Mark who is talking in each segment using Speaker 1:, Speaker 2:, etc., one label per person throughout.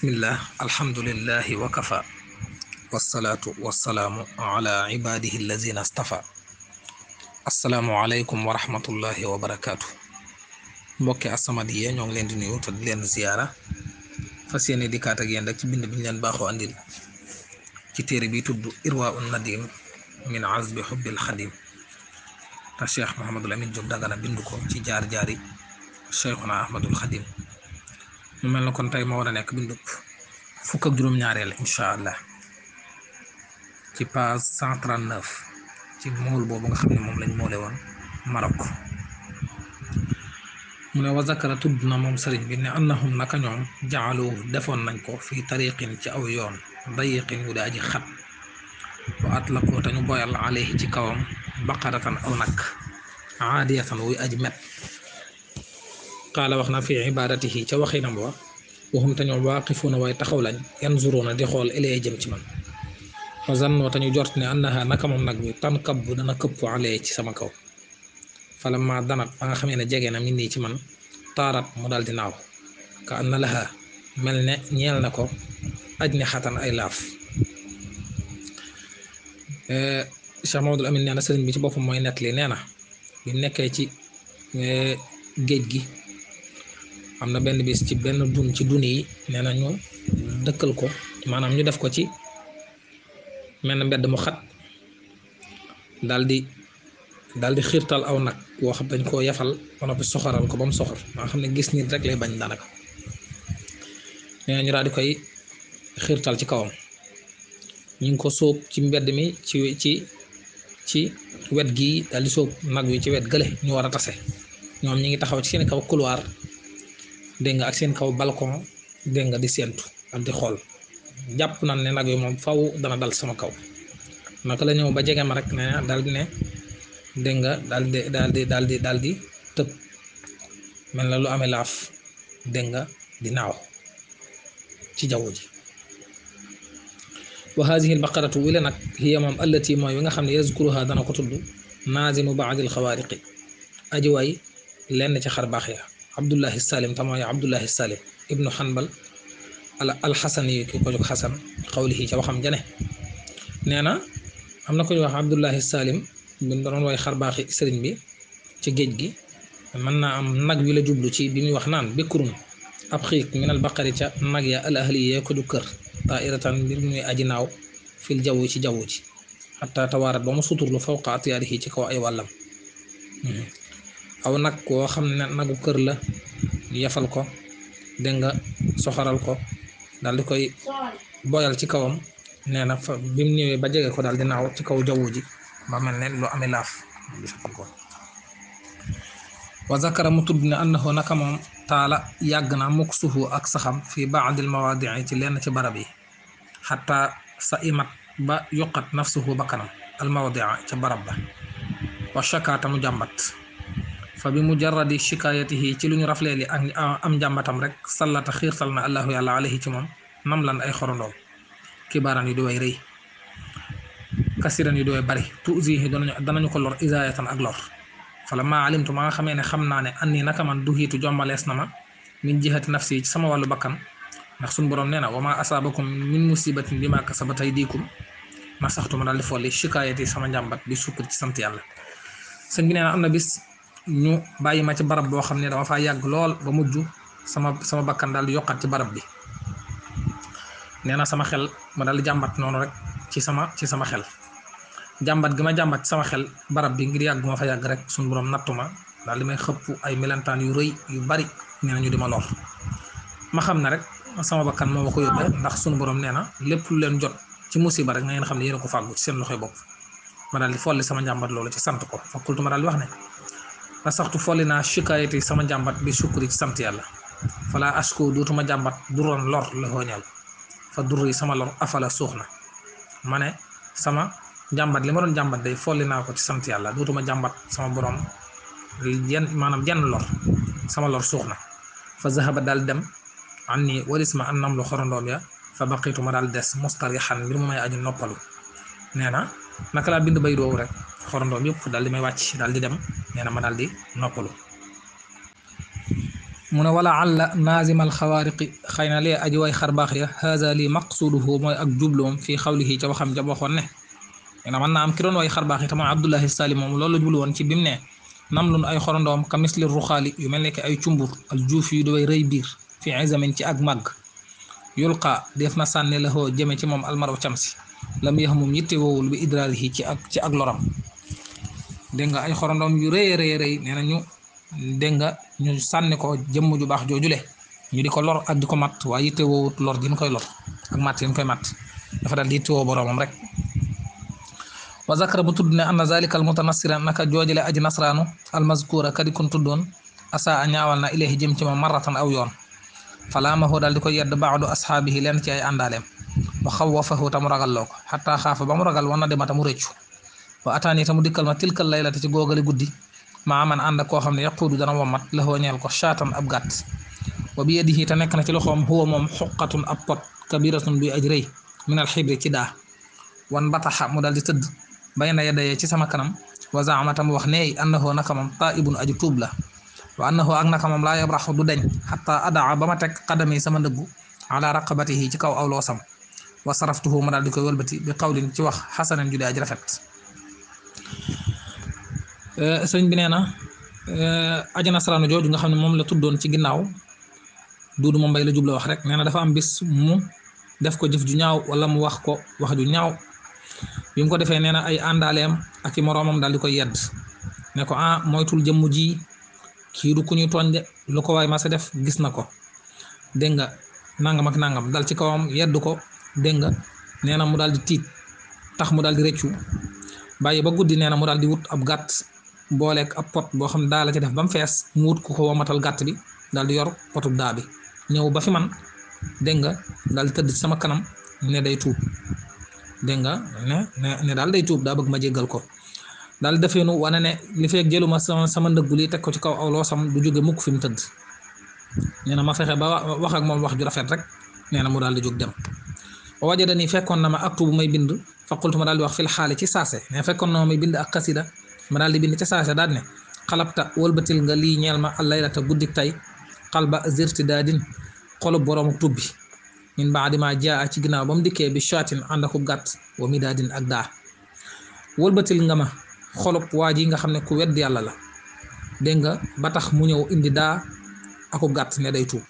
Speaker 1: bismillah alhamdulillahi wa kafa wasalaatu wasalaamu ala ibadihi allazina stafa asalaamu aleykum wa rahmatullahi wa barakaatu mbokki asamadiye ñoo ngi leen di nuyu te di leen ziyaara fas yéene dikkaat ak yéen rek ci bind bi ñu leen baaxoo andil ci téere bi tudd irwa un nadim min azbi xubbil xadim te cheikh mahamadul amin Jóob dagana bind ko ci jaar jaari cheikhuna ahmadul xadim mu mel na kon tey moo war a nekk bindu fukk ak juróom-ñaareel incha allah ci page 139 ci mool boobu nga xam ne moom lañ moole woon Maroc mu ne wa zakara tudd na moom sëriñ bi ne annahum naka ñoom jaalu defoon nañ ko fii tariqin ci aw yoon dayiqin wu daa ji xat wa atlaqoo te ñu boyal alayhi ci kawam baqaratan aw nag aadiyatan wuy aji met qaala wax na fi ibadatihi ca waxinam wa waxum te ñoom waaqifuuna waaye taxaw lañ yanzuruuna di xool ilee jëm ci man fa zannoo te ñu jort ne annaha naka moom nag bi tan kab bu dana këpp alee ci sama kaw fala ma danat ba nga xamee ne jege na min ci man taarat mu dal di naaw ka anna laha mel ne ñeel na ko aj ne xatan ay laaf eh, Cheikh Mamadou Amine nee na sëriñ bi ci boppam mooy nett li nee na bi nekkee ci eh, géej gi am na benn bis ci benn dun ci dun yi nee na ñu dëkkal ko maanaam ñu def ko ci mel na mbedd mu xat daldi daal di xiirtal aw nag woo xam koo yafal ba noppi soxoral ko ba mu soxor maa xam ne gis nit rek lay bañ daanaka nee na ñu daal di koy xiirtal ci kawam ñu ngi ko sóob ci mbedd mi ci ci ci wet gii daal di sóob nag wi ci wet gële ñu war a tase ñoom ñu ngi taxaw ci seen kaw couloir dégg nga ak seen kaw balcon dégg nga di séentu ak di xool jàpp na ne nag yi moom faw dana dal sama kaw naka la ñëw ba jege ma rek na dal di ne dégg nga daal di di daal tëb mel na lu amee laaf dégg nga di naaw ci jaww ji wa haadihi albaqaratu wi la nag hiya moom allati mooy wi nga xam ne yazkuruha dana ko tudd naazimu baadil xawaariqi ajiwaay lenn ci xarbaax baax ya abdullahi salim tamaayo abdullahi salim ibnu hanbal alxasani ki ko jóg xasan xawlihi ca waxam jane nee na am na ko ñu wax abdullahi salim bin doon way xarbaaxi bi ci géej gi mën naa am nag wi la jublu ci bi muy wax naan békkurun ab xiik minal baqari ca nag ya al ahli yee kër taairatan naaw fil jaww ci jaww ci xataa tawaarat ba suturlu fawqa atyaarihi ci kaw ay wàllam mhm. aw nag koo xam ne nagu kër la yafal ko dégg nga soxaral ko dal di koy boyal ci kawam nee na fa ñëwee ba jege ko daal di naaw ci kaw jaww ji ba mel ne lu amee laaf wa zakara mu tudd ne annahu naka moom taala yàgg naa mukk suufu ak saxam fi ba mawaadii ci lenn ci barab yi xataa sa imat ba yuqat nafsuhu bakkanam al mawadia ca barab ba wa shakaata mu jàmbat fa bi mujarradi shikaayatihi ci lu ñu rafleeli ak am njàmbatam rek sallata xiirtal na allahu yàlla alayhi ci moom nam lan ay xorondoom kibaaraan yu di way rëy kasiran yu di bari bari tuusihi danañu danañu ko lor isaayatan ak lor fala maa alimtu ma nga xamee ne xam naa ne anni naka man duhiitu jombalees na ma min jihati nafsi ci sama wàllu bakkan ndax suñu borom nee na wa ma asaabakum min musibatin bi ma kasabat aydikum ma saxtu ma daal di folli shikaayati sama njàmbat bi sukkur ci sant yàlla ñu bàyyi ma ci barab boo xam ne dama faa yàgg lool ba mujj sama sama bakkan daal di yokkaat ci barab bi nee na sama xel ma daal di jàmbat noonu rek ci sama ci sama xel jàmbat gi ma jàmbat sama xel barab bi ngir yàgg ma fa yàgg rek suñu borom nattu ma daal di may xëpp ay melentaan yu rëy yu bari nee na ñu di ma lor ma xam ne rek sama bakkan moo ma ko yóbbee ndax suñu borom nee na lépp lu leen jot ci musiba rek na ngeen xam ne yéen a ko fàggu ci seen loxoy bopp ma d di folli sama njàmbat loolu ci sant ko fakultu ma daal wax nasaxtu folli naa shikaayati sama jàmbat bi sukkuri ci sant yàlla fala asko dootuma jàmbat duroon lor la xooñal fa dur yi sama lor afala suux na ne sama jàmbat li ma doon jàmbat dey folli naa ko ci sant yàlla dootuma jàmbat sama borom maanaam jenn lor sama lor suux na fa zahaba daal dem an nii walis ma an nam lu xorondoom ya fa baqitu ma daal des mustarixan mbir mu may aju noppalu nee na naka laa bind bay doowu rek xorandoom yëpp daal di may wàcc daal di dem nee na ma daal di noppalu mu ne wala àlla naazimal xawaariqi xëy na lee aji way xarbaax ya haza li maqsuduhu mooy ak jubloom fii xawlihi ca waxam ja waxoon ne nee na mën naa am ki way xarbaax yi te mooy abdullahi saali moom loolu la ci bimu ne namlun ay xorandoom ka misli ruxaali yu mel ne ay cumbur al juuf yu daway rëy fi fii isamin ci ak màgg yulqa def na sànni la hoo jëme ci moom almar u camsi lam moom yitte woowul bi idraar yi ci ak ci ak loram dégg nga ay xorandoom yu rëy rëy rëy nee na ñu dégg nga ñu sànne ko jëmm ju baax jooju le ñu di ko lor ak di ko mat waaye yitte woowut lor din koy lor ak mat din koy mat dafa daal di yitte woo boroomam rek wa zakara mu tudd ne anna zalika al mutanassira naka joojale aji nasraanu almazkura kadi kon tuddoon asa a ñaawal na ilayhi jëm ci ma marratan aw yoon falaamahu daal di koy yedd baadu ashaabihi leen ci ay àndaaleem wa xawwafahu tamu ragal loo ko xataa xaafa ba mu ragal wan na dema tamu rëccu wa ataani tamu dikkal ma tilkal laylata ci googale guddi maa man ànd ak koo xam ne yaquudu dana wommat la xoo ñeel ko shaatan ab gàtt wa bi yadihi na ci loxoom huwa moom xuqatun ab pot kabiratun buy aj rëy minal xibri ci daa wan bataxa mu daal di tëdd bay na yadayee ci sama kanam wa zaama tamu wax ne annahu naka moom taibun aju tuub la wa annahu ak naka moom laa yabraxu du deñ xata adaa ba ma teg qadami sama ndëggu ala raqabatihi ci kaw aw loosam wa saraftuhu ma daal di koy walbati bi qawlin ci wax xasanan ju daa ji rafet euh, sëñ bi nee na euh, aji nasaraanu jooju nga xam ne moom la tuddoon ci ginnaaw duudu mbay la jubla wax rek nee na dafa am bis mu def ko jëf ju ñaaw wala mu wax ko wax ju ñaaw bi ko defee nee na ay àndaaleem ak i moroomam daal di koy yedd ne ko ah moytul jëmm ji kii du ku ñuy tooñ de lu ko waay ma sa def gis na ko dégg nga nangam ak nangam dal ci kawam yedd ko dégg nga nee na mu daal di tiit tax mu daal di rëccu bàyyi ba guddi nee na mu daal di wut ab gàtt booleeg ab pot boo xam ne daa la ci def ba mu fees mu wut ku ko womatal gàtt bi daal di yor potub daa bi ñëw ba fi man dégg nga daal tëdd sama kanam ne day tuub dégg nga ne ne daal day tuub daa bëgg ma jéggal ko daal defee nu wane ne li feeg jëluma sama sama ndëggu lii teg ko ci kaw aw loosam du jóge mukk fi mu tëdd nee na ma fexe ba wax moom wax ju rafet rek nee na mu daal di jóg dem. wa wajadani fekkoon na ma ak aktubu may bind fa qultu ma daal di wax fil xaali ci saase ne fekkoon na ma may bind ak xasida ma daal di bind ca saase daal ne xalabta wëlbatil nga lii ñeel ma allaylata guddik tay xalba zirtidaadin xolub boroomu tubbi min baadi ma jaa ci ginnaaw ba mu dikkee bi shaatin ànd akub gàtt wa midaadin ak daa wëlbatil nga ma xolub waa ji nga xam ne ku wedd yàlla la dégg nga ba tax mu ñëw indi daa akub gàtt ne day tuub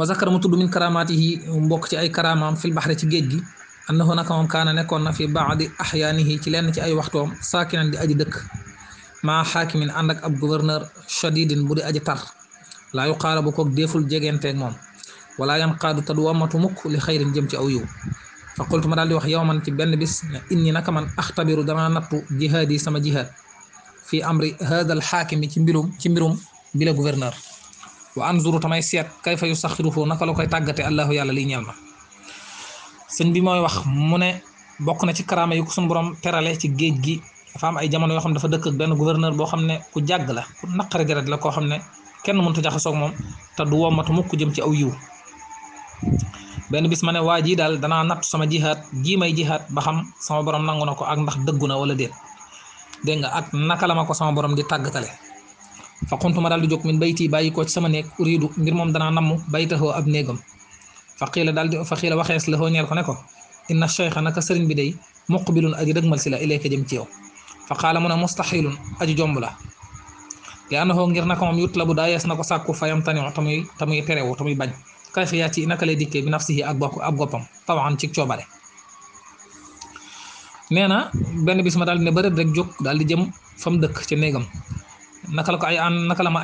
Speaker 1: waa zakara mu tudd min karaamaatihi mbokk ci ay karaamaam fil baxre ci géej gi annahu naka moom kaana nekkoon na fi baadi axyaanihi ci lenn ci ay waxtoom saakinan di aji dëkk maa xaakimin ànd ak ab gouverneur shadidin bu di aji tar laa yu xaara bu koog déeful jegenteeg moom wala yan qaadu tadu wammatu mukk li xayrin jëm ci aw yiw fa qultu ma daal di wax yow man ci benn bis ne inni naka man axtabiru dama nattu jihaad yi sama jihaad fii amri haada al ci mbirum ci mbirum bi la wa anzuru tamay seet kay fa yu saxiruhu naka la koy tàggate allahu yàlla liy ñeel na sëñ bi mooy wax mu ne bokk na ci karaama yu ko suñu borom terale ci géej gi dafa am ay jamono yoo xam ne dafa dëkk ak benn gouverneur boo xam ne ku jàgg la ku naqari deret la koo xam ne kenn mënut a jaxasoo moom te du wommatu mukk jëm ci aw yiw benn bis ma ne waa jii daal danaa natt sama jihaat jii may jihaat ba xam sama borom nangu na ko ak ndax dëggu na wala déet dégg nga ak naka la ma ko sama borom di tàggatale. fa xuntu ma daal di jóg min bayti bàyyi ko ci sama nekk uridu ngir moom danaa namm baytaxoo ab néegam fa xiila daal di fa xiila waxees la xoo ñeel ko ne ko inna cheikha naka sëriñ bi day muqbilun aji dëgmal si la ilayka jëm ci yow fa xaala mu ne mustaxilun aji jomb la li ngir naka moom yut la bu daayees na ko sàkku fayam taniw tamuy tamuy terewu tamuy bañ kay fi yaa ci naka lay dikkee bi nafsihi ak bokk ab goppam tawan ci coobare nee na benn bis ma daal di ba bërëb rek jóg daal di jëm fa mu dëkk ca néegam naka la ko ay ànd naka la ma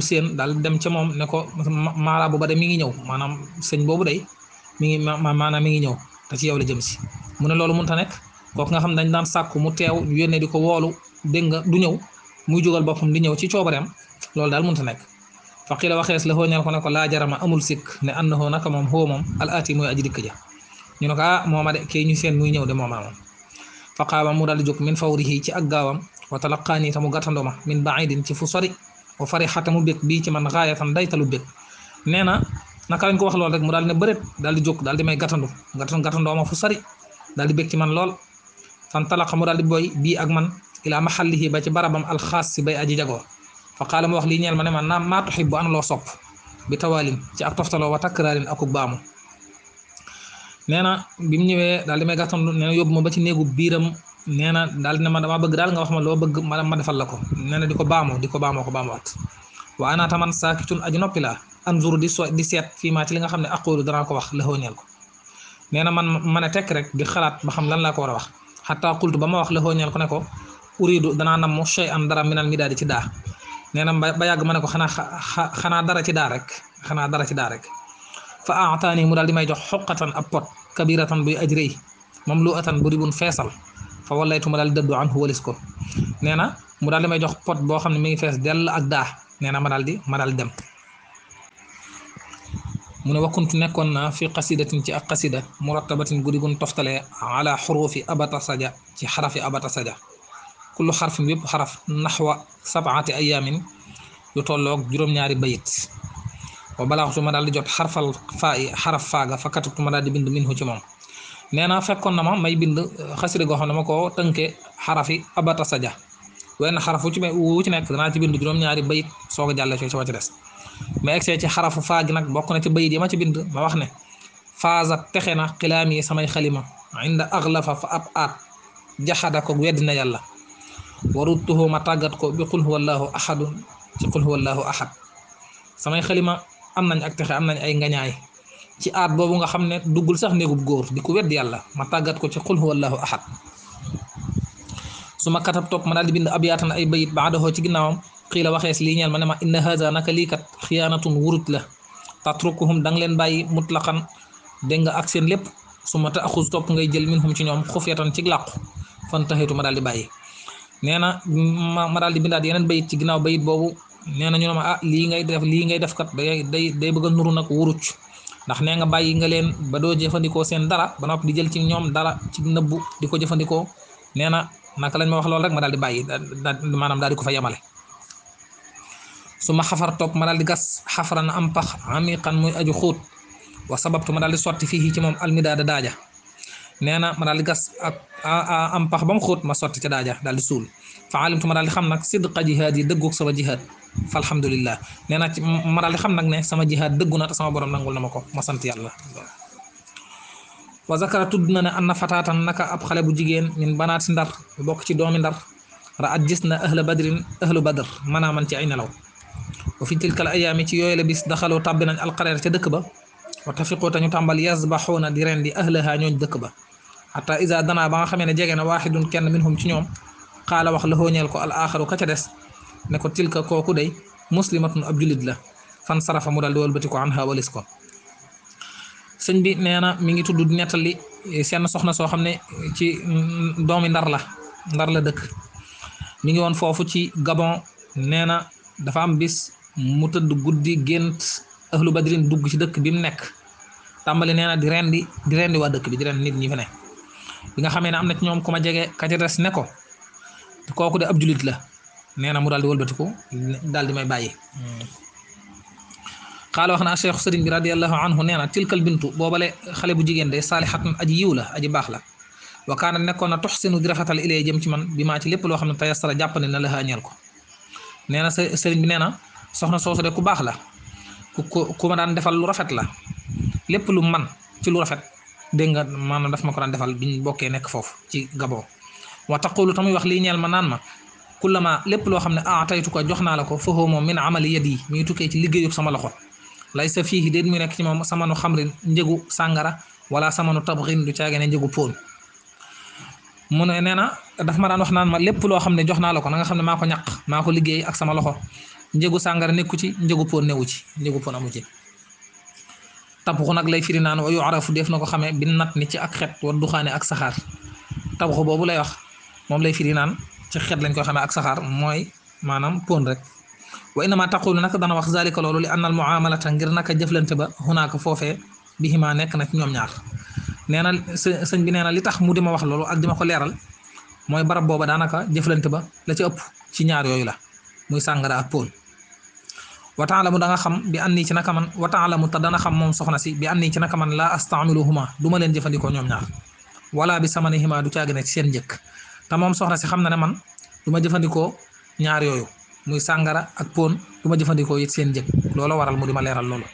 Speaker 1: seen daal dem ca moom ne ko maaraabu ba de mi ngi ñëw maanaam sëñ boobu day mi ngi maanaam mi ngi ñëw te ci yow la jëm si mu ne loolu mënut a nekk kooku nga ne dañ daan sàkku mu teew ñu yónnee di ko woolu dégg nga du ñëw muy jógal boppam di ñëw ci coobareem loolu daal mënut a nekk faqila waxees la xooñal ko ne ko laa jarama amul sikk ne ànd hoo naka moom hoo moom al aati mooy aji dikk ja ñu ne ko ah mooma de kii ñu seen muy ñëw de mooma moom faqaama mu daal di jóg min wa talaqaani tamu gàttandoo ma min baidin ci fu sori wa farixata mu bég bii ci man xaayatan daytalu bég nee na naka ne ma fu di bég ci man lool fan talaqa mu daal di boy ba ci si bay aji jagoo fa qaala mu wax lii ñeel ma ne ma naam maa tuxibu ana loo sopp bi tawaalin ci ak toftaloo wa takkaraalin akub baamu nee na bi ma ba ci néegu biiram nee na daal dina ma damaa bëgg daal nga wax ma loo bëgg ma ma defal la ko nee di ko baamoo di ko baamoo ko baamuwaat wa ana taman saakitun aji noppi laa anzuru di di seet fii maa ci li nga xam ne aqulu danaa ko wax la xooñeel ko nee na man ma ne tekk rek di xalaat xam lan laa ko war a wax xataa qultu ba ma wax la xooñeel ko ne ko uridu danaa nam mu shay an dara minal mi daal di ci daa nee na ba yàgg ma ne ko xanaa xanaa dara ci daa rek xanaa dara ci daa rek fa aataani mu daal di may jox xoqatan a pot kabiratan buy aj rëy mamluatan bu ribun feesal fa wallaytu ma daal di dëddu anhu walis ko nee na mu daal di may jox pot boo xam ne mi ngi fees dell ak daa nee na ma di ma daal di dem mu ne wakkuntu nekkoon na fi qasidatin ci ak qasida murattabatin guddi gun toftalee ala xurufi abata saja ci xarafi abata saja kullu xarfin yëpp xaraf naxwa sabaati ayaamin yu tolloog juróom-ñaari bayit wa balaaxtu ma daal di jot xarfal faa i xaraf faaga fa katubtu ma daal di bind minhu ci moom nee naa fekkoon na ma may bind euh, xasida goo xam ne ma koo tënkee xarafi abata saja wenn xaraf wu ci wu ci nekk danaa ci bind juróom-ñaari bayit soog a jàlle soo ci des ma egsee ci xarafu faa nag bokk na ci bayit yi ma ci bind ma wax ne faasa texe na xilaam yi samay xalima inda axlafa fa ab aat jaxada ko na yàlla waruttuhu ma tàggat ko bi qul huwallahu ahadun ci qul huwallahu ahad am nañ ak texe am nañ ay ngañaay ci aat boobu nga xam ne duggul sax néegub góor di ko wedd yàlla ma tàggat ko ci qul huwallahu ahad su ma katab topp ma daal di bind ab yaatan ay bayit baadahoo ci ginnaawam xiila waxees lii ñeel ma ne ma inna haza naka lii kat xiyaanatun wurut la tatrukuhum da nga leen bàyyi mutlaqan dégg nga ak seen lépp su ma taaxus topp ngay jël minhum ci ñoom xufyatan ci làqu fan taxeetu ma daal di bàyyi nee na ma ma daal di bindaat yeneen bayit ci ginnaaw bayit boobu nee na ñu ne ma ah lii ngay def lii ngay def kat day day day bëgg a nuru nag wuruc ndax nee nga bàyyi nga leen ba doo jëfandikoo seen dara ba noppi di jël ci ñoom dara ci nëbbu di ko jëfandikoo nee na naka lañ ma wax loolu rek ma daal di bàyyi maanaam daal di ko fa yemale su ma xafar toog ma daal di gas xafaran am pax amiqan muy aju xóot wa sababtu ma daal di sotti fii ci moom almidaada daaja nee na ma daal di gas ak am pax ba mu xóot ma sotti ca daaja daal di suul fa alimtu ma daal di xam nag sidqa jihaad yi dëggoog sama jihaad fa alhamdulillah na ma daal xam nag ne sama jihaad dëggu na te sama borom nangul na ma ko ma sant yàlla wa zakara tudd na ne an na fataatan naka ab xale bu jigéen min banaati ndar bokk ci doomi ndar raat gis na ahla badrin ahlu badr manaa man ci ay nelaw wa fi tilkal ayaami ci yooyu la bis daxaloo tàbbi nañ alqareer ca dëkk ba wa tafiqoo tañu tàmbal na di ren di ahlaha ñooñ dëkk ba xata isa danaa ba nga xamee ne jege na waaxidun kenn minhum ci ñoom xaala wax la xooñeel ko al axaru ka ca des ne ko tilka kooku day muslimatun ab julit la fan sarafa mu dal di wëlbati ko an xawalis ko sëñ bi nee na mi ngi tudd nettali eh, seen soxna soo xam ne eh, ci mm, doomi ndar la ndar la dëkk mi ngi woon foofu ci gabon nee na dafa am bis mu tëdd guddi gént ahlu badrin dugg ci dëkk bi mu nekk tàmbali nee na di rendi di rendi waa dëkk bi di rendi nit ñi fa ne bi nga xamee ne am na ñoom ku ma jege ka ca des ne ko kooku de ab julit la nee na mu daal di wëlbatiku daal di may bàyyi. xaala wax naa cheikh sëriñ bi radiallahu anhu nee na tilkal bintu boobale xale bu jigéen de saalixatun aji yiw la aji baax la wa kaana nekkoon na tuxsinu di rafetal ilay jëm ci man bi ma ci lépp loo xam ne tayassara jàppandi na la xaañeel ko nee na sëriñ bi nee na soxna soosu de ku baax la ku ku daan defal lu rafet la lépp lu man ci lu rafet dégg nga a daf ma ko daan defal biñ bokkee nekk foofu ci Gabon wa taqulu tamuy wax lii ñeel ma naan ma kullama lépp loo xam ne aataytu ko jox naa la ko foofu moom min amali yad yi mi ngi tukkee ci liggéeyub sama loxo lay sa mu nekk ci moom samanu xamrin njëgu sàngara wala samanu tabrin du caage ne njëgu póon mu ne nee na daf ma daan wax naan ma lépp loo xam ne jox naa la ko na xam ne maa ko ñaq maa ko liggéey ak sama loxo njëgu sàngara nekku ci njëgu póon newu ci njëgu póon amu ci tabaxu nag lay firi naan wa yu'rafu def na ko xamee bi nat ni ci ak xet wa duxaane ak saxaar tabaxu boobu lay wax moom lay firi naan ci xet lañ koy xamee ak saxaar mooy maanaam poon rek wa innama taqulu nag dana wax zalika loolu li anna al muamalata ngir naka jëflante ba hunaaka foofee bi himaa nekk na ci ñoom ñaar nee na sëñ bi nee na li tax mu dima wax loolu ak dima ko leeral mooy barab booba daanaka jëflante ba la ci ëpp ci ñaar yooyu la muy sàngara ak pon wataalamu da nga xam bi annii ci naka man wataalamu te dana xam moom soxna si bi annii ci naka man laa astaamiluhuma du ma leen jëfandikoo ñoom ñaar wala bi samanihima du caagi ne ci seen njëkk te moom soxna si xam na ne man du ma jëfandikoo ñaar yooyu muy sàngara ak pon du ma jëfandikoo it seen njëkk loolo waral mu di ma leeral loolu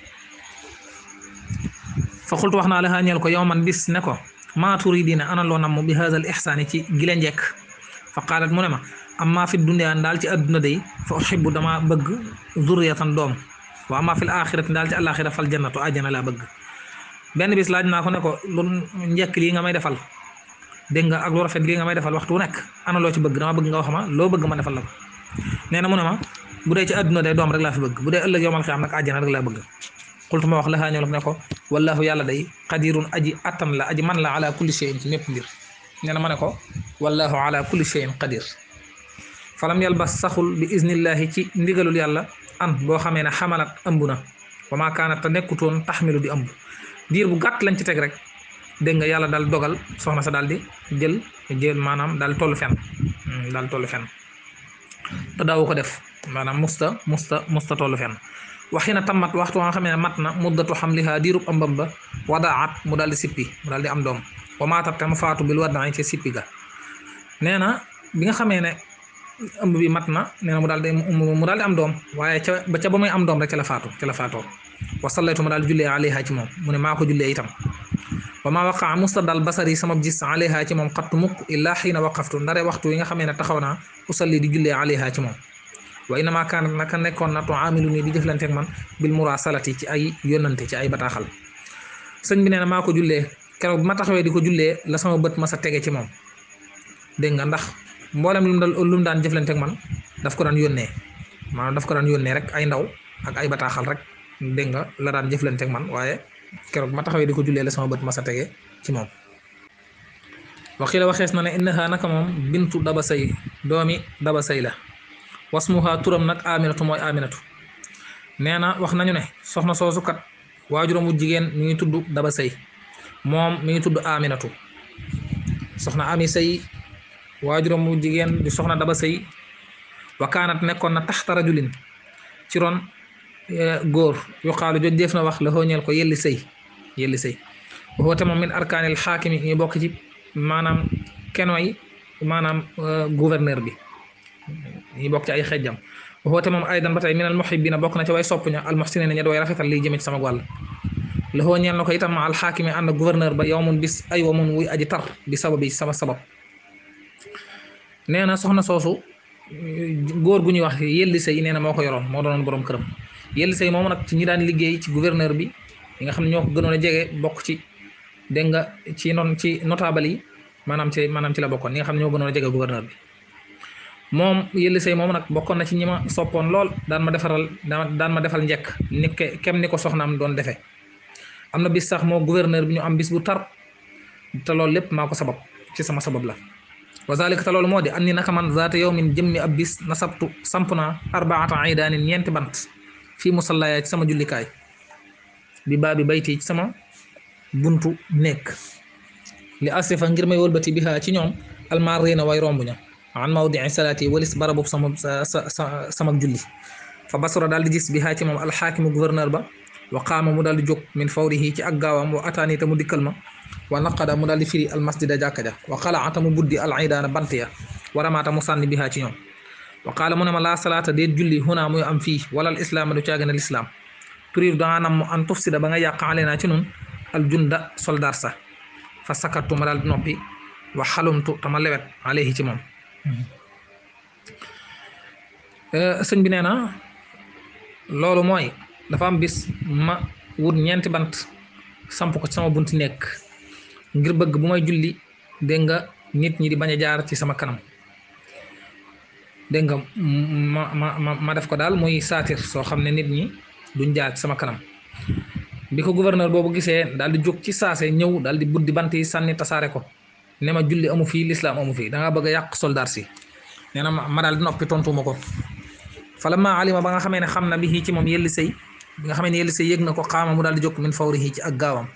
Speaker 1: fa xultu wax naa la xaañeel ko yow man bis ne ko ma maa turidina ana loo nam bi haazal ihsaani ci gile njëkk fa qaalat mu amma fi dunyaa daal ci adduna day fa uhibbu dama bëgg zurriyatan doom wa amma fil axirati daal ci alaxira fal jannatu ajjana laa bëgg benn bis laaj naa ko ne ko lu njëkk lii nga may defal dégg nga ak lu rafet lii nga may defal waxtu wu nekk ana loo ci bëgg dama bëgg nga wax ma loo bëgg ma defal la ko nee bu dee ci adduna day doom rek laa fi bëgg bu dee ëllëg yowmal xiyaam nag ajjana rek ma wax la xaañoo ne ko wallaahu yàlla day qadirun aji attan la aji man la ala kulli shay'in ci mépp mbir nee na ma ne ko wallaahu ala kulli shay'in qadir falam yalba saxul bi iznillahi ci ndigalul yàlla an boo xamee ne xamalat ëmb na wa maa kaanat te nekkutoon taxmilu di ëmb diir bu gàtt lañ ci teg rek dégg yàlla daal dogal soxna sa daal di jël jël maanaam daal tollu fenn hmm, daal tollu fen te daawu ko def maanaam musta musta musta fen fenn waxi na tammat waxtu nga xam ne mat na muddatu xamlihaa diirub ëmbam ba wadaat mu daal di sippi mu daal di am doom wa maatat te mu faatu bil wadaan ci sippi ga nee na bi nga xamee ëmb bi mat na nee na mu daal di mu daal di am doom waaye ca ba muy am doom rek ca la faatu ca la faatoo wa sallaytu ma daal jullee alayha ci moom mu ne maa ko jullee itam wa maa waqaa mustadal basari sama gis alayha ci moom xattu mukk illaa xiina waqaftu ndare waxtu yi nga xamee ne taxaw naa usalli nekkoon na to amilu nii di jëflanteek man bil muraasalati ci ay yónnante ci ay bataaxal sëñ bi nee na jullee keroog ma taxawee di ko jullee la sama bët ma sa tege ci moom dégg nga ndax mboolem lu mu daan lu mu daan jëflante man daf ko daan yónnee maanaam daf ko daan yónnee rek ay ndaw ak ay bataaxal rek dégg nga la daan jëflante man waaye keroog ma taxawee di ko jullee la sama bët ma sa tegee ci moom. waxiila waxees na ne innaha naka moom bintu daba say doomi daba say la wasmuha turam nag aminatu mooy aminatu nee na wax nañu ne soxna soosu kat waajuram jigéen mi ngi tudd daba say moom mi ngi tudd aminatu soxna ami say waajuram mu jigéen di soxna daba sëy wakaanat nekkoon na taxta rajulin ci ron eh, góor yuqaalu joj def na wax la xooñeel ko yelli sëy yelli sëy waxoo te moom min arkaanil xaakimi ñu bokk ci maanaam kenoy maanaam eh, gouverneur bi ñu bokk ci ay xejjam waxoo te moom aydan ba tey minal bokk na ci way sopp ña al muhsinina ña di way rafetal liy jëme ci sama wàll la xooñeel na ko itam ma al xaakimi ànd gouverneur ba yow mun bis ay wa mun wuy aji tar bi sama sabab nee na soxna soosu góor gu ñuy wax yelli say nee na moo ko yoroon moo doonoon borom këram yelli say moom nag ci ñi daan liggéey ci gouverneur bi yi nga xam ne ñoo ko gënoon a jege bokk ci dégg nga ci noon ci notable yi maanaam ci maanaam ci la bokkoon ñi nga xam ne ñoo gënoon a jege gouverneur bi moom yëlli say moom nag bokkoon na ci ñi ma soppoon lool daan ma defaral daan ma defal njekk ni ke kem ni ko soxnaam doon defee am na bis sax moo gouverneur bi ñu am bis bu tar te loolu lépp maa ko sabab ci sama sabab la wa zalika te loolu moo di an ni naka man zaata yawmin jëm ni ab bis na sabtu samp naa arbaata aydaanin ñeenti bant fii musallaaya ci sama jullikaay bi baa bi bayti ci sama buntu nekk li a ngir may wëlbati biha ci ñoom almarina way romb ña an mawdii salaati walis barabub sama sama julli fa basura daal di gis biha ci moom alxaakimu gouverneur ba wa qaama mu daal di jóg min fawrihi ci ak gaawam wa ataani te mu dikkal ma wa naqada mu daal di firi almasjida jàkka ja wa xalaata mu buddi alidaana bant ya wa ramaata mu sànni bihaa ci ñoom wa qaala mu ne ma laa salaata déet julli huna muy am fii wala al islaama du caagane lislaam turiidu dangaa nam ba nga yàq alenaa ci nun al junda soldar sa fa sakattu ma daal noppi wa xalumtu tama lewet alayhi ci moom eh, sëñ bi nee na loolu mooy dafa am bis ma wut ñeenti bant samp ko ci sama bunti nekk ngir bëgg bu may julli dégg nga nit ñi di bañ a jaar ci sama kanam dégg nga ma ma ma def ko daal mooy saatir soo xam ne nit ñi duñ jaar ci kanam bi ko gouverneur boobu gisee daal di jóg ci saase ñëw daal di buddi bant yi sànni tasaare ko ne ma julli amu fii lislaam amu fii da ngaa yàq soldat si nee na ma daal di noppi tontuma ko falamma alima ba nga xamee ne xam na bi ci moom yelli sëy nga xamee ne yelli sëy yëg na ko xaama mu daal di jóg min fawrihi ci ak gaawam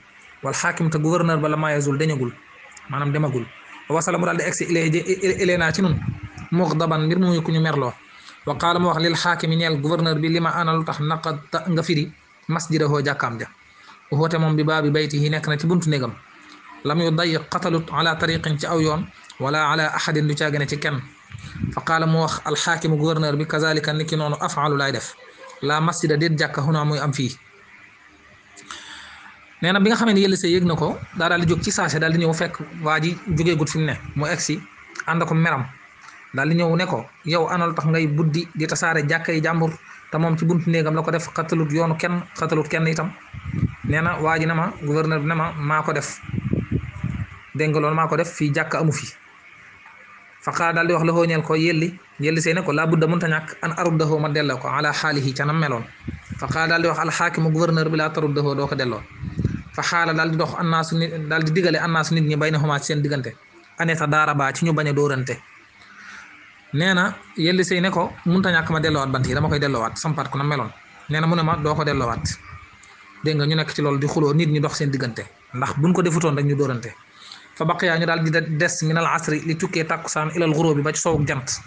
Speaker 1: wal xaakim te gouverneur ba la maayazul dañagul maanaam demagul wa mu daal di egsi ilee naa ci nun muxdaban mbir mu ngi ku ñu merloo wa qaala mu wax lil xaakimi ñeel gouverneur bi li ma ana lu tax naqata nga firi masjidahoo jàkkaam ja woote moom bi baabi bayti yi nekk na ci buntu néegam lam yu day qatalut ala tariqin ci aw yoon wala ala ahadin du caagane ci kenn fa qaala mu wax al alxaakimu gouverneur bi ka kazalika niki noonu afaalu laay def la masjida déet jàkka xunaa muy am fii nee na bi nga xamee ne yëlli sa yëg na ko daa daal di jóg ci saase daal di ñëw fekk waa ji jógee gut fi mu ne mu egg si ko meram daal di ñëw ne ko yow anal tax ngay buddi di tasaare jàkka yi jàmbur te moom ci bunt néegam la ko def xatalut yoonu kenn xatalut kenn itam nee na waa ji ne ma gouverneur bi ne ma maa ko def dégg nga loolu maa ko def fii jàkka amu fi faqaa daal di wax la xooñeel ko yelli yelli see ne ko laa budda mënta ñàkk an aruddaxoo ma delloo ko ala xaalihi ca nam meloon faqaa daal di wax alxaakimu gouverneur ko delloo fa xaala daal di dox annaasu nit nit ñi bay na xumaa ci seen diggante aneta daara baa ci ñu bañ a dóorante nee na yelli sëy ne ko mënta ñàkk ma delloowaat bant yi dama koy delloowaat sampaat ko na meloon nee na mu ne ma doo ko delloowaat dégg nga ñu nekk ci loolu di xuloo nit ñi dox seen diggante ndax buñ ko defutoon rek ñu fa baqiyaa ñu daal di des min al asri li tukkee tàkkusaan ilal xuroo bi ba ci sowuk jant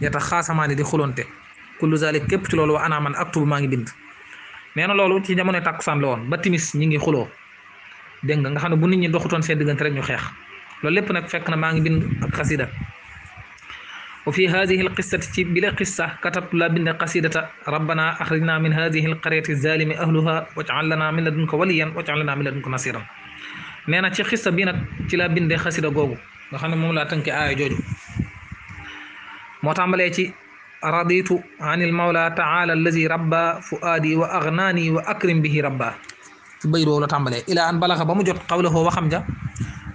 Speaker 1: yata xaasamaani di xulonte kullu zalik ci loolu wa ana man aktubu maa ngi bind nee na dégg nga nga xam ne bu nit ñi doxutoon seen diggante rek ñu xeex loolu lépp nag fekk na maa ngi bind ak xasida wa fi hadihi alqissati ci bila qissa katabtu laa bind qasidata rabbana axrijna min hadihi alqaryati zalimi ahluha waj'al lana min ladunka waliyan waj'al lana min ladunka nasiran nee na ci xissa bi nag ci laa bindee xasida googu nga xam ne moom laa tënke aaya jooju moo tàmbalee ci raditu an il mawla taala allazi rabba fuaadi wa agnaani wa akrim bihi rabba ci bayit woowu la tàmbalee ilaa an balaxa ba mu jot xawlahoo waxam ja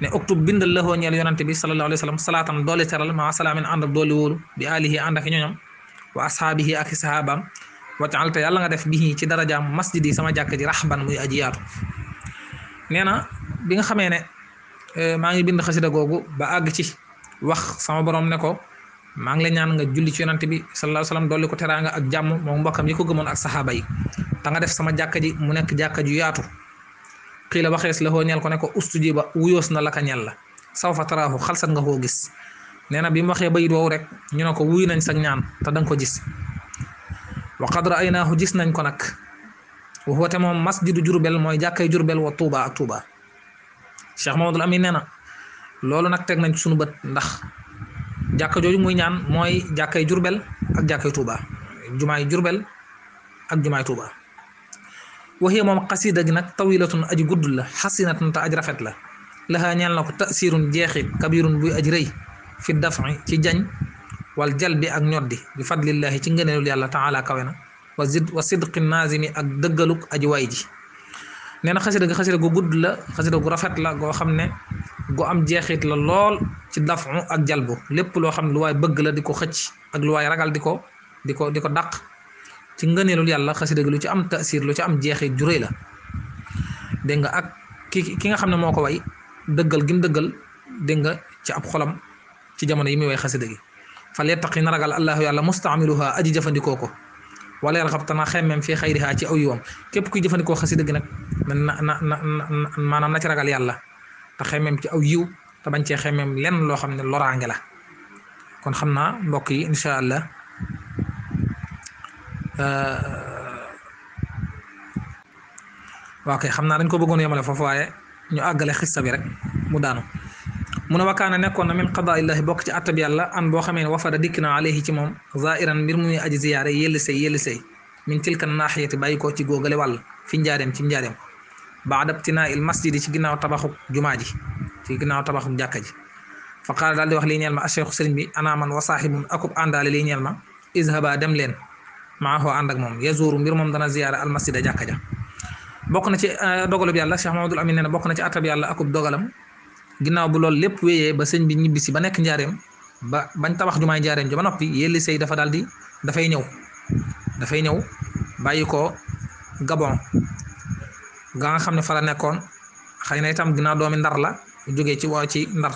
Speaker 1: ne uktub bindal la xoo ñeel yonante bi sallallahu alayhi wa sallam salaatan doole teral maa salaamin ànd ak doole wóolu bi alihi ànd ak ñoñam wa ashaabihi ak i sahabaam wacaalta yàlla nga def bi ci darajaam masjid yi sama jàkk ji raxban muy aji yaatu nee na bi nga xamee ne eh, maa ngi bind xasida googu ba àgg ci wax sama borom ne ko maa ngi la ñaan nga julli ci yonante bi sallallahu alayhi wa sallam dolli ko teraanga ak jàmm moom mbokkam yi ko gëmoon ak saxaaba yi ta nga def sama jàkk ji mu nekk jàkk ju yaatu xiila waxees la xoo ñal ko ne ko ba wuyoos na la ka ñal la saw fa taraaxu xalsat nga koo gis nee na bi mu waxee rek ñu ne ko wuy nañ sag ñaan te danga ko gis wa qad ra'aynaahu gis nañ ko nag wa huwa te moom masjidu jurbel mooy jàkkay jurbel wa tuuba ak tuuba cheikh mamadul amin nee na loolu nag teg nañ ci sunu bët ndax jàkka jooju muy ñaan mooy jàkkay jurbel ak jàkkay tuuba jumaay jurbel ak jumaay tuuba waxee moom xasida gi nag tawilatun aji gudd la xasinatun te aj rafet la laxaa ñeel na ko tasirun jeexit kabirun buy aj rëy fi dafci ci jañ wal jal bi ak ñoddi bi fadlillaahi ci ngëneelul yàlla taala kawe na wa zid wa naazimi ak dëggaluk aji way ji nee na xasida gi xasida gu gudd la xasida gu rafet la goo xam ne gu am jeexit la lool ci dafu ak jalbu lépp loo xam ne lu waay bëgg la di ko xëcc ak lu waay ragal di ko di ko di ko dàq ci ngëneelul yàlla xasida gi lu ci am tasir lu ci am jeexit ju rëy la dégg nga ak ki ki nga xam ne moo ko way dëggal gim dëggal dégg nga ci ab xolam ci jamono yi muy way xasida gi fal yattaqi na ragal allahu yàlla mustaamiluha aji jëfandikoo ko wala yarxab tana xemmeem fii xayriha ci aw yiwam képp kuy jëfandikoo xasida gi nag na na na maanaam na ci ragal yàlla te xemmeem ci aw yiw te bañ cee xemmeem lenn loo xam ne loraange la kon xam naa mbokk yi allah Euh, waaw kay xam naa dañ ko bëggoon yemale foofu waaye ñu àggale xista bi rek mu daanu mu ne wakaana nekkoon na min qadaa illaahi bokk ci attab yàlla an boo xamee ne wafada dikk na alayhi ci moom zairan mbir muy aji ziyaare yelli say yelli say min tilka naaxiyati bàyyi koo ci góogale wàll fi njaareem ci njaareem baada btinaa il masjidi ci ginnaaw tabaxuk jumaa ji ci ginnaaw tabaxuk jàkka ji fa qaala daal wax lii ñeel ma acheikhu sëriñ bi ana wa saaxibun akub maaxoo ànd ak moom yazuuru mbir moom dana ziyaara almasjida jàkka ja bokk na ci euh, dogalub yàlla Cheikh Mahamadul Amin nee na bokk na ci attab yàlla akub dogalam ginnaaw bu loolu lépp wéyee ba sëñ bi ñibbi si ba nekk njaareem ba bañ tabax jumaay njaareem ji ba noppi yelli sëy dafa daal di dafay ñëw dafay ñëw bàyyi ko Gabon ga nga xam ne fa la nekkoon xëy na itam ginnaaw doomi ndar la jógee ci waa ci ndar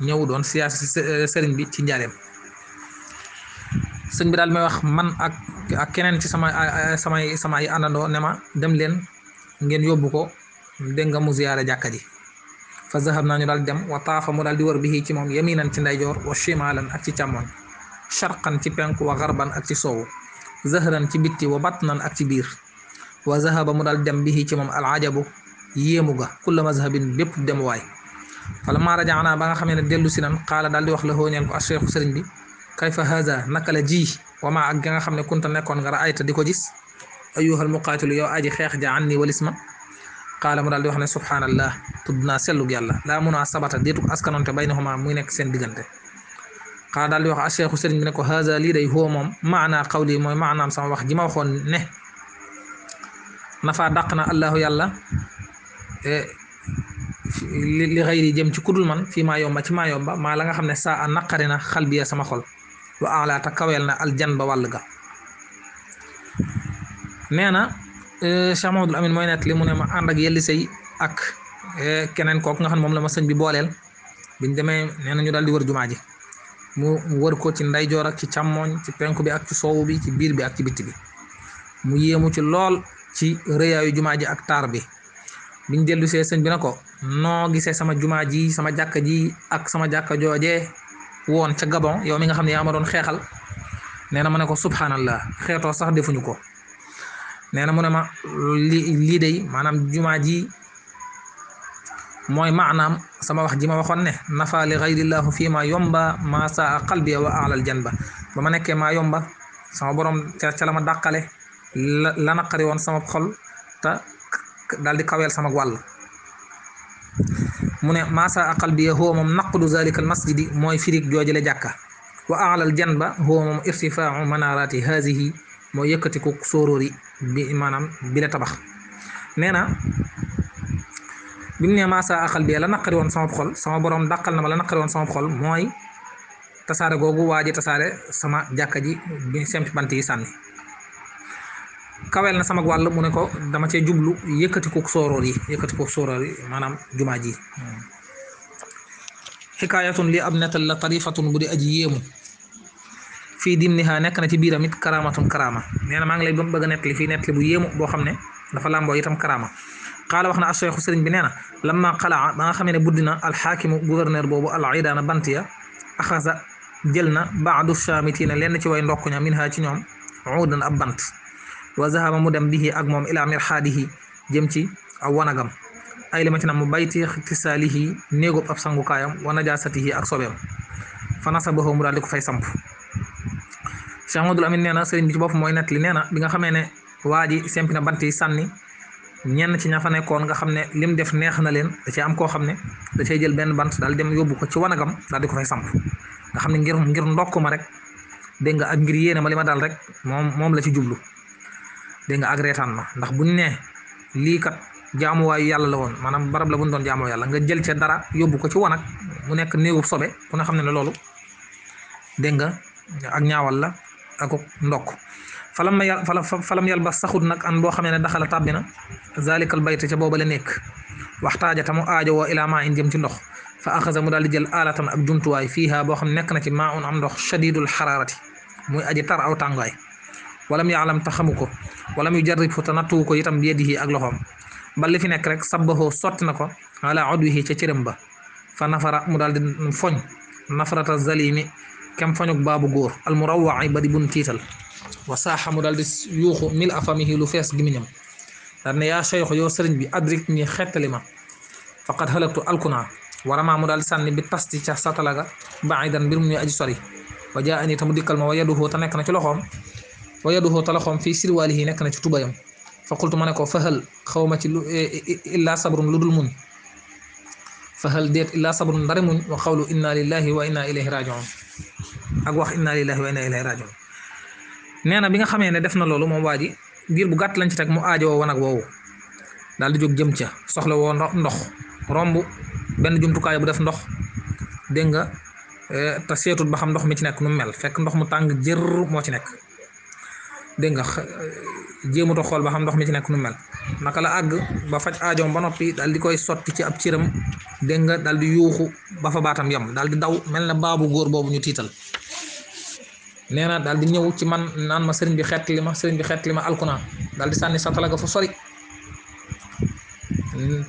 Speaker 1: ñëw doon siyaasi euh, sëriñ bi ci njaareem sëñ bi daal may wax man ak ak keneen ci sama samay samay àndandoo ne ma dem leen ngeen yóbbu ko dégg nga mu ziyaare jàkka ji fa zahab naa ñu daal dem wa taafa mu daal di war bi ci moom yaminan ci ndeyjoor wa shimalan ak ci càmmoñ sharqan ci penk wa garban ak ci soowu zahran ci bitti wa batnan ak ci biir wa zahaba mu daal dem bi ci moom alaajabu yéemu ga kulla mazhabin bépp dem waay fala maa rajaanaa ba nga xamee ne dellu si nan xaala daal di wax la xooñeel ko ak cheikhu sëriñ bi kayfa haza naka la ji wama ak ga nga xam ne kunta nekkoon nga ay di ko gis ayuhal muqaatilu yow aji xeex ja an nii walis ma qaala mu daal di wax ne subhaanallah tudd naa sellug yàlla laa munaa sabata bay askanonte baynahuma muy nekk seen diggante xaala daal di wax acheikhu sëriñ bi ne ko haza lii day huwa moom maanaa qawli mooy maanaam sama wax ji ma waxoon ne nafa dàq na allahu yàlla eh, li xëyri jëm ci kudul man fii maa yomba ci maa yomba maa la nga xam ne saa na xal biya sama xol wa alaata kaweel na aljan ba wàll ga nee na e, Cheikh Mamadou mooy nett li mu ne ma ànd ak yelli sëy ak e, keneen kooku nga xam moom la ma sëñ bi booleel biñ demee nee na ñu daal di wër jumaa ji mu wër ko ci ndeyjoor ak ci càmmooñ ci penku bi ak ci soowu bi ci biir bi ak ci bitti bi mu yéemu ci lool ci rëyaayu jumaa ji ak taar bi biñ dellu see sëñ bi na ko noo gisee sama jumaa sama jàkka ak sama jàkka woon ca Gabon yow mi nga xam ne yaa ma doon xeexal nee na ma ne ko subhanallah xeeto sax defuñu ko nee na mu ne ma li lii day maanaam jumaa ji mooy maanaam sama wax ji ma waxoon ne nafa li xayrillahu fi ma yomba maa saa qalbi wa alal janba ba ma nekkee maa yomba sama borom ca ca la ma dàqale la la woon sama xol te daal di kaweel sama wàll mu ne masa aqal bi huwa moom naqdu zalika al masjidi mooy firig jooju la jàkka wa aalal janba huwa moom irtifaau manarati haasihi mooy yëkkatiku sóoróori bi maanaam bi tabax nee na bi mu ne masa aqal bi la naqari woon sama xol sama boroom dàqal na ma la naqari woon sama xol mooy tasaare googu waa ji tasaare sama jàkka ji bi sempi bant yi sànni kaweel na sama wàll mu ne ko dama cee jublu yëkkati ko sooroor yi yëkkati ko sooroor yi maanaam xikaayatun lii ab nettal la tarifatun bu di aji yéemu fii dimniha nekk na ci biiram it karaamatun karaama nee na maa ngi lay ba bëgg a nettali fii nettali bu yéemu boo xam ne dafa làmboo itam karaama qaala wax na acheikhu sëriñ bi nee na lamma qalaa ba nga xamee ne buddina alxaakimu gouverneur boobu al idaana bantiya axasa jël na baadu chaamitina lenn ci way ndokk ña min ha ci ñoom uudan ab bant wa zahaba mu dem bihi ak moom ila mirxaadihi jëm ci aw wanagam ay na mu bayti tisaalihi néegub ab sangukaayam wa najaasatihi ak sobeem fa sa mu daal di ko fay samp Cheikh Amadou nee na sëriñ bi ci bopp mooy nettali nee na bi nga xamee ne waa ji sempi na bant yi sànni ñenn ci ña fa nekkoon nga xam ne lim def neex na leen da ci am koo xam ne da cee jël benn bant daal dem yóbbu ko ci wanagam daal di ko fay samp nga xam ne ngir ngir ndokk ma rek dégg nga ak ngir yéene ma li ma daal rek moom moom la ci jublu dégg nga ak reetaan ma ndax buñ ne lii kat jaamuwaayu yàlla la woon maanaam barab la bu ñu doon jaamoo nga jël ca dara yóbbu ko ci wanag mu nekk néewu sobe ku ne xam ne ne loolu dégg nga ak ñaawal la ak ndokk falam ma yàl fala falam yàl ba saxut nag an boo xamee ne daxala tàbbi na zalikal bayt ca booba la nekk waxtaaja tamu aajo woo ilaa maa in jëm ci ndox fa axasa mu daal di jël alatan ak jumtuwaay fiiha boo xam nekk na ci maa un am ndox shadidul xaraarati muy aji tar aw tàngaay walam yaalam taxamu ko wala yu jarrib fu te nattuwu ko itam biyadihi ak loxoom ba li fi nekk rek sabbaxoo sotti na ko ala odwihi ca cërëm ba fa nafara mu dal di foñ nafarata zalimi kem foñuk baabu góor almurawai ba di bun tiital wa saaxa mu daal di yuuxu mil afamihi lu fees gimiñam daal ne yaa cheikh yow bi adrik ñi xettali ma faqad halaktu alkuna warama mu daal di sànni bi tasti ca satalaga baidan mbir mu ñu aji sori wa jaa ani tamu nekk na ci loxoom wa yaduhu talaxoom fii sirwaalihi nekk na ci tubayam fa qultu ma ne ko fahal xaw ma ci lu sabru lu dul muñ fahal déet illaa sabrun ndare muñ wa xawlu inna lillahi wa inna ilayhi rajiun ak wax inna lillahi wa inna ilayhi rajiun nee na bi nga xamee ne def na loolu moom waa ji diir bu gàtt lañ ci teg mu aajowoo wanag woowu daal di jóg jëm ca soxla woo ndox romb benn jumtukaay bu def ndox dégg nga te seetut ba xam ndox mi ci nekk nu mel fekk ndox mu tàng jër moo ci nekk dégg nga jéemut a xool ba xam ndox mi ci nekk nu mel naka la àgg ba faj aajoom ba noppi dal di koy sotti ci ab ciram dégg nga daal di yuuxu ba fa baatam yem daal di daw mel na baabu góor boobu ñu tiital nee na daal di ñëw ci man naan ma sëriñ bi xett li ma sëriñ bi xett li ma alkunaan daal di sànni satala ga fu sori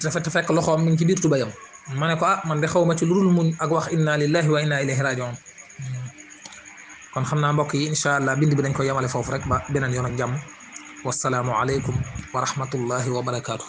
Speaker 1: te fekk loxoom mi ngi ci biir tubayam ma ne ko ah man de xaw ma ci lu dul muñ ak wax inna lillahi wa inna ilayhi kon xam naa mbokk yi incha allah bind bi dañ ko yemale foofu rek ba beneen yoon ak jàmm wasalaamu aleykum wa rahmatullahi wa barakaatu.